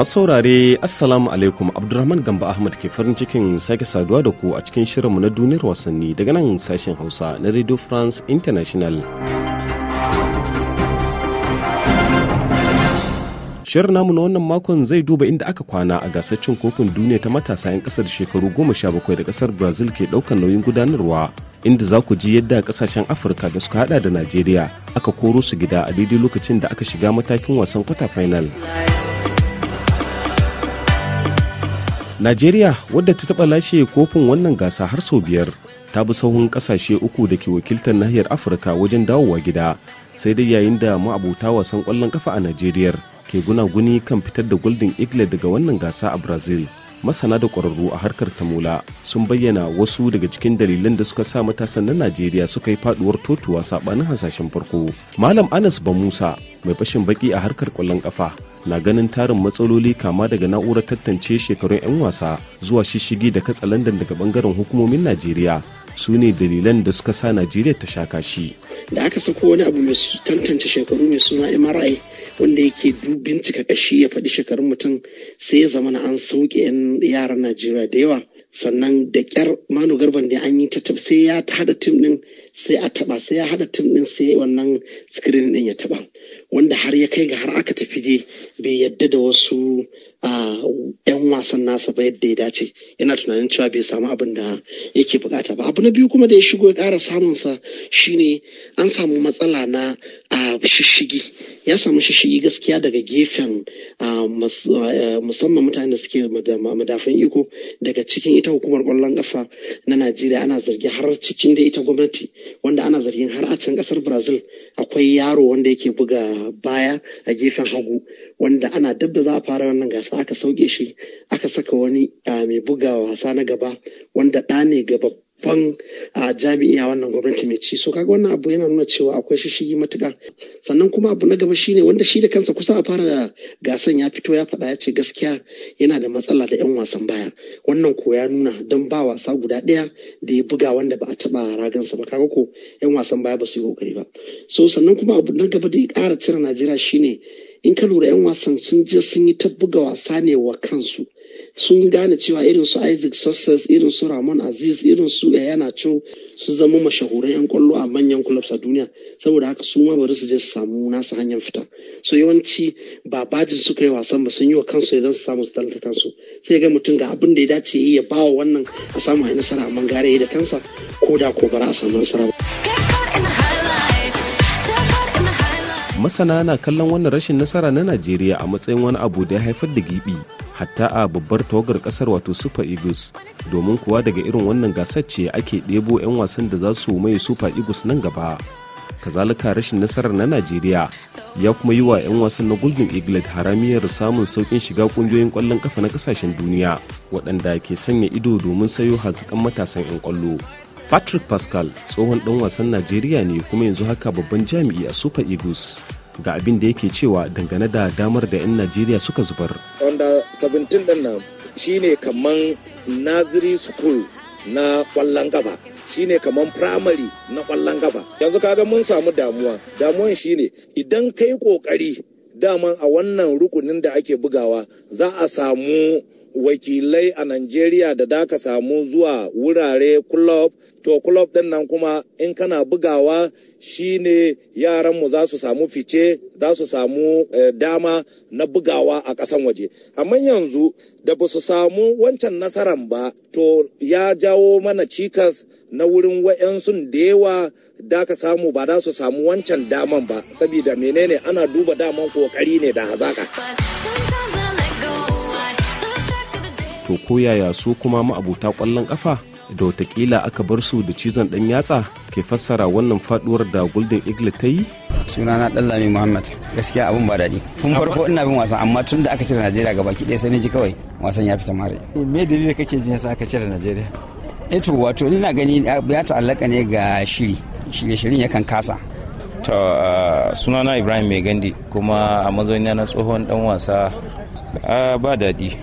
masu saurare assalamu alaikum abdulrahman gamba ahmad ke farin cikin sake saduwa da ku a cikin shirinmu na duniyar wasanni daga nan sashen hausa na radio france international shirin namu na wannan makon zai duba inda aka kwana a gasar cin kofin duniya ta matasa 'yan kasar shekaru 17 da kasar brazil ke daukan nauyin gudanarwa inda za ku ji yadda kasashen afirka da suka hada da nigeria aka koro su gida a daidai lokacin da aka shiga matakin wasan kwata final najeriya wadda ta taɓa lashe kofin wannan gasa har sau biyar ta bi sauhun ƙasashe uku da ke wakiltar nahiyar afirka wajen dawowa gida sai dai yayin da ma'abota wasan ƙwallon kafa a najeriya ke gunaguni kan fitar da golden eagle daga wannan gasa a brazil masana da ƙwararru a harkar tamula sun bayyana wasu daga cikin dalilan da suka sa matasan na najeriya suka yi faduwar totuwa saɓanin hasashen farko malam anas bamusa mai fashin baki a harkar ƙwallon kafa na ganin tarin matsaloli kama daga na'urar tantance shekarun 'yan wasa zuwa shishigi da katsalandan daga bangaren hukumomin najeriya su ne dalilan da suka sa najeriya ta sha kashi da aka sako wani abu mai tantance shekaru mai suna mri wanda yake bincika kashi ya faɗi shekarun mutum sai ya zama na an sauke 'yan yaran najeriya da yawa sannan da kyar manu garban da an yi ta sai ya hada tim din sai a taba sai ya hada tim ɗin sai wannan screen din ya taba wanda har ya kai ga har aka tafi dai bai yadda da wasu yan wasan nasa ba yadda ya dace yana tunanin cewa bai samu abin da yake bukata ba abu na biyu kuma da ya shigo ya kara samunsa shine an samu matsala na shishigi ya samu shishigi gaskiya daga gefen ah, eh, musamman mutane da suke madafin iko daga cikin ita hukumar kwallon kafa na najeriya ana zargi har cikin da ita gwamnati wanda ana zargin har a can kasar brazil akwai yaro wanda yake buga baya a gefen hagu wanda ana dab da za a fara wannan gasa aka sauke shi aka saka wani ah, mai buga wasa na gaba wanda ɗa ne ga babban ah, jami'i a wannan gwamnati mai ci so kaga wannan abu yana nuna cewa akwai shishigi matuka sannan kuma abu na gaba shine wanda shi da kansa kusa a fara gasan ya fito ya faɗa ya ce gaskiya yana da matsala da yan wasan baya wannan ko ya nuna don ba wasa guda ɗaya da ya buga wanda ba a taɓa ragansa ba kaga ko yan wasan baya ba su yi kokari ba so sannan kuma abu na gaba da ya ƙara cire najeriya shine in ka lura yan wasan sun je sun yi ta buga wasa ne wa kansu sun gane cewa irin su isaac success irin su ramon aziz irin su yana cho su zama mashahuran yan kwallo a manyan clubs a duniya saboda haka su ma bari su je su samu nasu hanyar fita so yawanci ba bajin suka yi wasan ba sun yi wa kansu idan su samu su talata kansu sai ga mutum ga abin da ya dace yi ya bawa wannan a samu a nasara amma gare da kansa ko da ko bara a samu nasara ba. masana na kallon wannan rashin nasara na najeriya a matsayin wani abu da ya haifar da gibi hatta a babbar tawagar kasar wato super eagles domin kuwa daga irin wannan gasar ce ake ɗebo 'yan wasan da za su mai super eagles nan gaba kazalika rashin nasarar na najeriya ya kuma yi wa 'yan wasan na golden eagles haramiyar samun saukin shiga kungiyoyin kwallon kafa na kasashen duniya waɗanda ke sanya ido domin sayo hazikan matasan 'yan kwallo patrick pascal tsohon ɗan wasan najeriya ne kuma yanzu haka babban jami'i a super eagles ga abin da yake cewa dangane da damar da 'yan najeriya suka zubar 17 din nan shine kaman naziri school na kwallon gaba shine kaman primary na kwallon gaba yanzu kaga mun samu damuwa damuwan shine idan kai kokari daman a wannan rukunin da ake bugawa za a samu wakilai a Najeriya da ka samu zuwa wurare club to club din nan kuma in kana bugawa shine yaranmu za su samu fice za su samu eh, dama na bugawa a ƙasan waje amma yanzu da ba su samu wancan nasaran ba to ya jawo mana cikas na wurin wa'yansu da yawa da ka samu ba za su samu wancan daman ba saboda menene ana duba daman kokari ne da hazaka. to koyaya su kuma ma'abuta kwallon kafa da watakila aka bar su da cizon dan yatsa ke fassara wannan faduwar da golden eagle ta yi sunana dan lami muhammad gaskiya abin ba daɗi kun farko ina bin wasan amma tun da aka cire najeriya ga baki ɗaya sai ji kawai wasan ya fita mare eh, me dalilin kake jin yasa aka cire najeriya eto eh wato ni na gani ya ta'allaka ne ga shiri shirye shirin yakan kasa to ah, sunana ibrahim mai gandi kuma a mazaunina na tsohon dan wasa ah, ba daɗi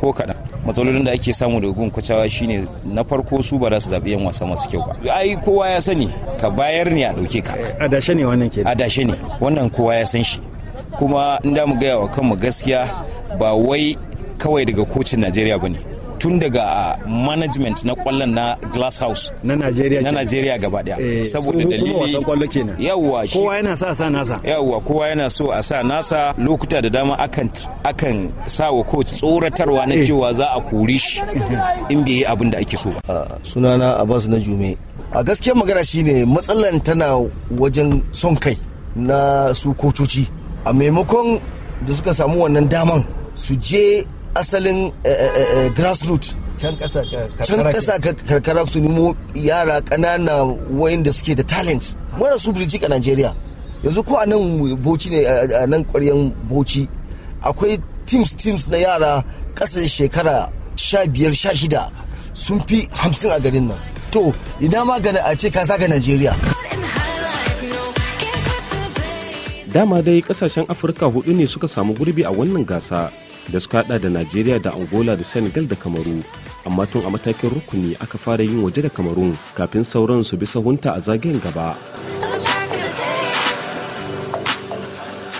ko kaɗan matsalolin da ake samu daga gun kucawa shine na farko su ba za su zaɓi yan wasa masu kyau ba ai kowa ya sani ka bayar ne a ɗauke ka eh, adashe ne wannan ke adashe ne wannan kowa ya san shi kuma in da mu gaya wa kanmu gaskiya ba wai kawai daga kocin najeriya ba ne tun daga ah, management na kwallon na glass house na nigeria na nigeria gaba daya eh, saboda dalili wasan kwallo kenan yawa kowa yana sa sa nasa yawa kowa yana so a sa nasa lokuta da dama akan akan sa wa coach tsoratarwa na eh. cewa za a kori shi in bai yi abin da ake so ba ah, sunana Abbas na Jume a gaskiyar magana shine matsalan tana wajen son kai na su kotoci a maimakon da suka samu wannan daman su je asalin eh, eh, eh, grassroot can ƙasa karkara su nemo yara ƙanana wayanda suke da talent mara su birjik a Nigeria yanzu ko a nan boci ne a nan boci akwai teams teams na yara ƙasa shekara sha biyar sha shida sun fi hamsin a garin nan to ina ma a ce ka saka najeriya dama dai kasashen afirka hudu ne suka samu gurbi a wannan gasa da suka hada da najeriya da angola da senegal da kamaru amma tun a matakin rukuni aka fara yin waje da kamarun kafin sauran su bi sahunta a zagayen gaba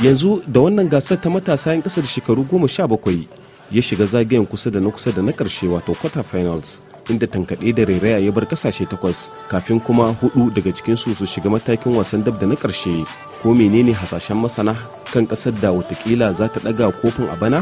yanzu da wannan gasar ta matasa 'yan kasa da shekaru goma sha bakwai ya shiga zagayen kusa da na kusa da na karshe wato quarter finals inda tankaɗe da rairaya ya bar kasashe takwas kafin kuma hudu daga cikinsu su shiga matakin wasan dab da na karshe ko menene hasashen masana kan ƙasar da watakila za ta ɗaga kofin a bana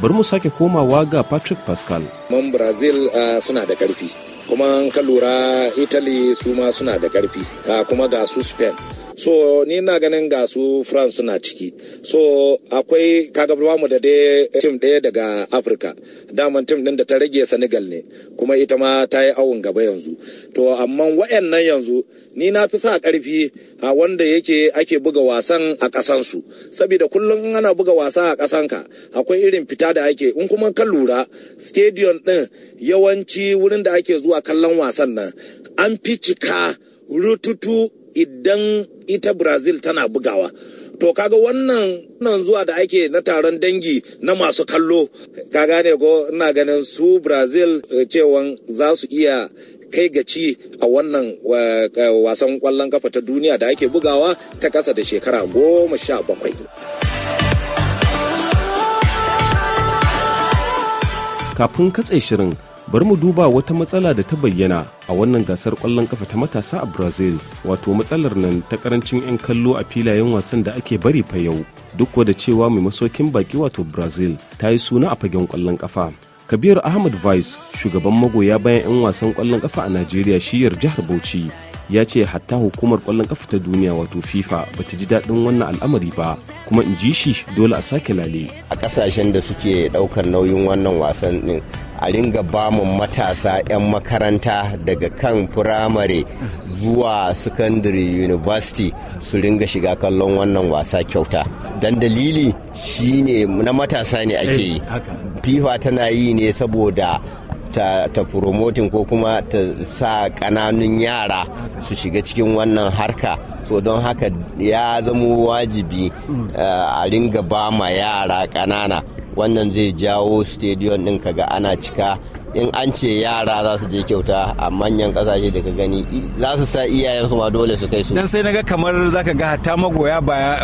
bari mu sake komawa ga patrick pascal man brazil uh, suna da karfi kuma ka lura italy su ma suna da ƙarfi kuma ga su spain so ni na ganin ga su france suna ciki so akwai kaga mu da dai tim ɗaya daga afirka daman tim ɗin da ta rage senegal ne kuma ita ma ta yi awon gaba yanzu to amma wayannan yanzu ni na fi sa ƙarfi a wanda yake ake buga wasan a ƙasansu saboda kullum in ana buga wasa a ƙasanka akwai irin fita da ake in kuma ka lura stadium ɗin yawanci wurin da ake zuwa kallon wasan nan an fi cika rututu idan ita brazil tana bugawa to kaga wannan nan zuwa da ake na taron dangi na masu kallo ka gane ko ina ganin su brazil eh, cewan za su iya kai gaci a wannan eh, eh, wasan kwallon kafa ta duniya da ake bugawa ta kasa da shekara goma sha bakwai kafin katse shirin bari mu duba wata matsala da ta bayyana a wannan gasar kwallon kafa ta matasa a brazil wato matsalar nan ta karancin 'yan kallo a filayen wasan da ake bari fa yau duk da cewa mai masaukin baki wato brazil ta yi suna a fagen kwallon kafa kabir ahmad vice shugaban magoya bayan 'yan wasan kwallon kafa a najeriya shiyar jihar bauchi ya ce hatta hukumar kwallon kafa ta duniya wato fifa ba ta ji daɗin wannan al'amari ba kuma in ji shi dole a sake lale a ƙasashen da suke ɗaukar nauyin wannan wasan ɗin a ringa bamun matasa 'yan makaranta daga kan firamare zuwa secondary university su ringa shiga kallon wannan wasa kyauta don dalili shine na matasa ne ake yi eh, fifa tana yi ne saboda ta, ta promotin ko kuma ta sa ƙananun yara su shiga cikin wannan harka so don haka ya zama wajibi eh, a ringa ba ma yara kanana wannan zai jawo stadium ɗin kaga ana cika in an ce yara za su je kyauta a manyan kasashe da ka gani za su sa iyayen su ma dole su kai su dan sai naga kamar zaka ga hatta magoya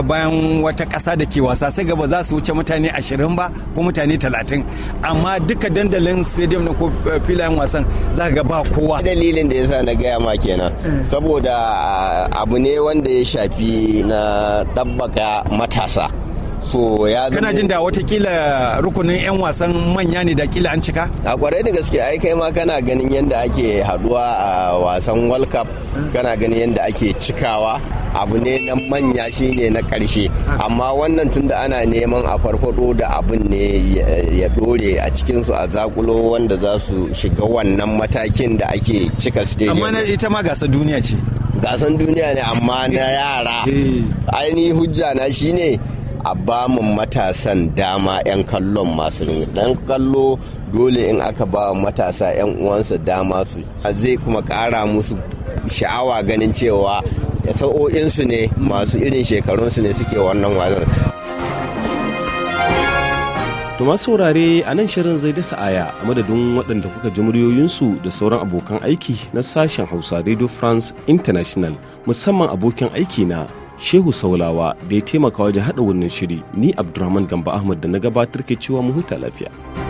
bayan wata kasa da ke wasa sai gaba za su wuce mutane 20 ba ko mutane 30 amma duka dandalin stadium na ko eh, filayen wasan zaka ga ba kowa dalilin da yasa na gaya ma kenan eh. saboda ah, abu ne wanda ya shafi na dabbaka matasa so ya kana jin da watakila rukunin 'yan wasan manya ne da kila an cika a kwarai da gaske ai kai ma kana ganin yadda ake haduwa a wasan world cup kana ganin yadda ake cikawa abu ne na manya shi ne na karshe amma wannan tunda ana neman a farfado da abin ne ya dore a cikinsu a zakulo wanda za su shiga wannan matakin da ake cika stadium amma ita ma gasar duniya ce gasar duniya ne amma na yara eh. ainihin hujja na ne. a bamu matasan dama 'yan kallon masu dan kallo dole in aka ba matasa 'yan uwansa dama su zai kuma ƙara musu sha'awa ganin cewa sa'o'insu ne masu irin shekarunsu ne suke wannan to Tuma saurare a nan shirin zai dasa aya a madadin waɗanda kuka ji muryoyinsu da sauran abokan aiki na sashen Hausa Radio France International musamman abokin aiki na shehu saulawa da ya taimaka wajen haɗa wannan shiri ni abdulrahman gamba ahmad da na gabatar ke cewa mu huta lafiya